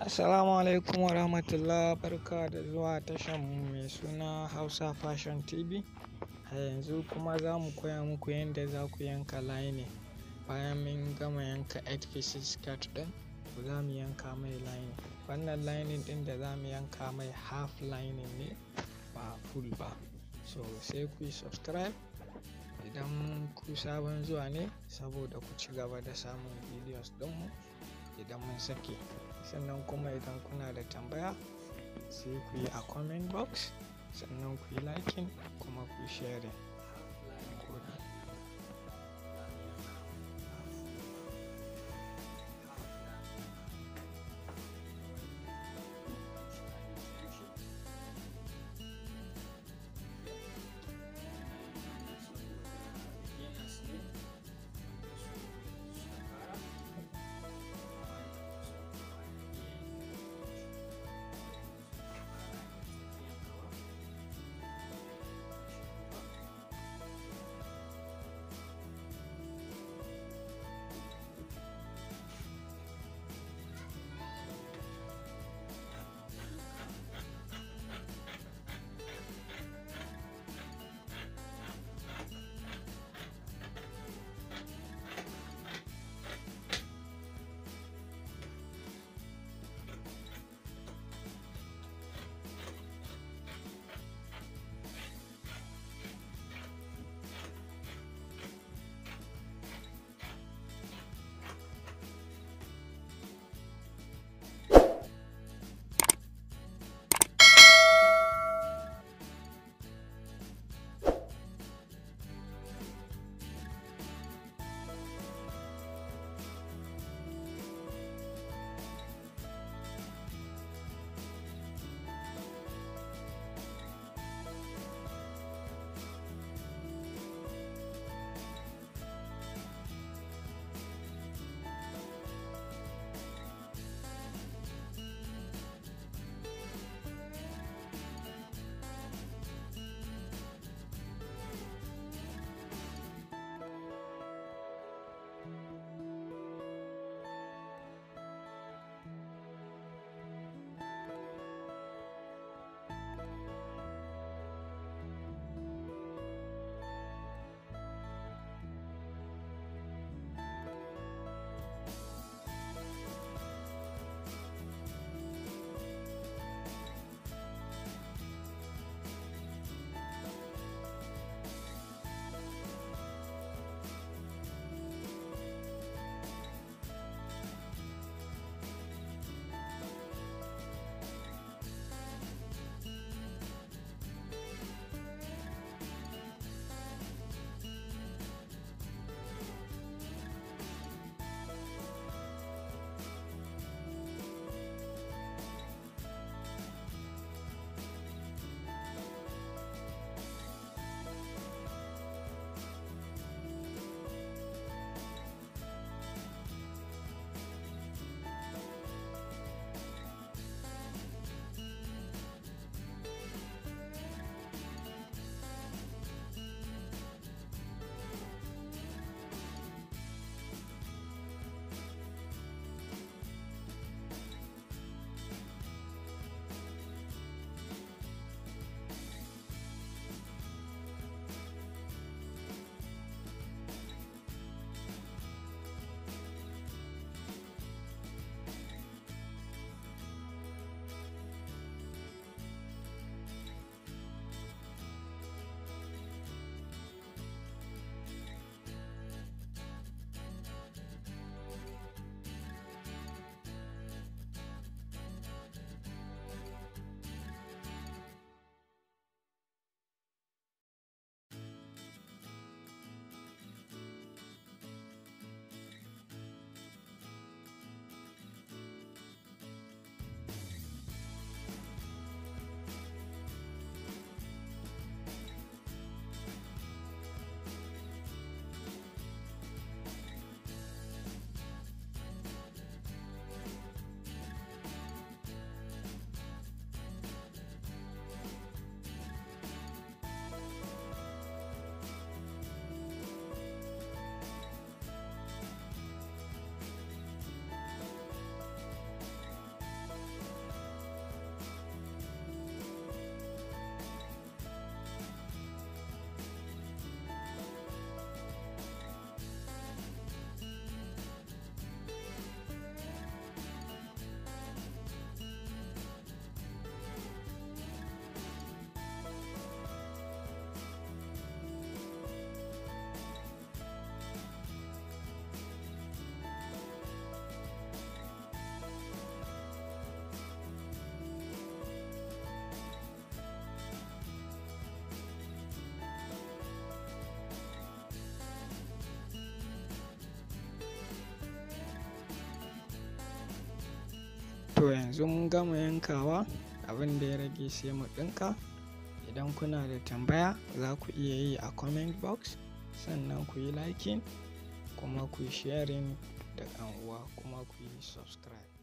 Assalamu alaikum warahmatullah barka da zuwa tashan mai suna Hausa Fashion TV. A yanzu kuma za mu koya muku yadda za ku yanka line bayan mun gama yanka 8 pieces skirt ɗin za mu yanka mai line. Wannan lining ɗin da za mu yanka mai half lining ne ba full ba. So sai ku yi subscribe idan ku sabon zuwa ne saboda ku ci gaba da samun videos ɗinmu. idan mun sake sannan kuma idan kuna da tambaya sai ku yi a comment box sannan ku yi liking kuma ku yi sharing To yanzu mun gama yankawa abin da ya rage sai mu ɗinka. Idan kuna da tambaya za ku iya yi a comment box sannan ku yi liking kuma ku yi sharing da uwa kuma ku yi subscribe.